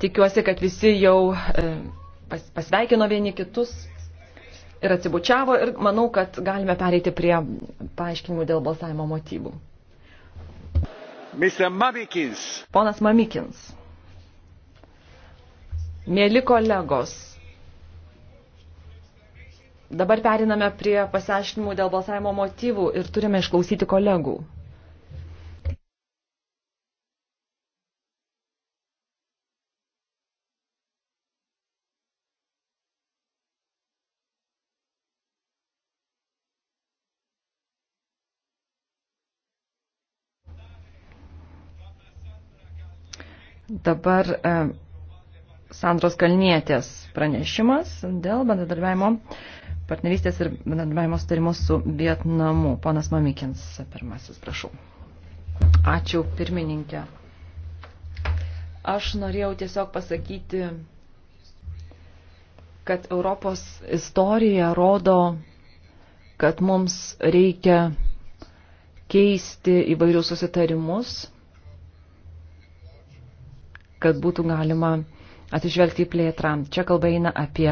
Tikiuosi, kad visi jau e, pas, pasveikino vieni kitus ir atsibučiavo ir manau, kad galime pereiti prie paaiškinimų dėl balsavimo motyvų. Mamikins. Ponas Mamikins. Mėly kolegos, dabar periname prie pasiaiškinimų dėl balsavimo motyvų ir turime išklausyti kolegų. Dabar e, Sandros Kalnietės pranešimas dėl bendradarbiavimo partnerystės ir bendradarbiavimo sutarimo su Vietnamu. Ponas Mamikins, pirmasis, prašau. Ačiū, pirmininkė. Aš norėjau tiesiog pasakyti, kad Europos istorija rodo, kad mums reikia keisti įvairius susitarimus kad būtų galima atsižvelgti į plėtrą. Čia kalba eina apie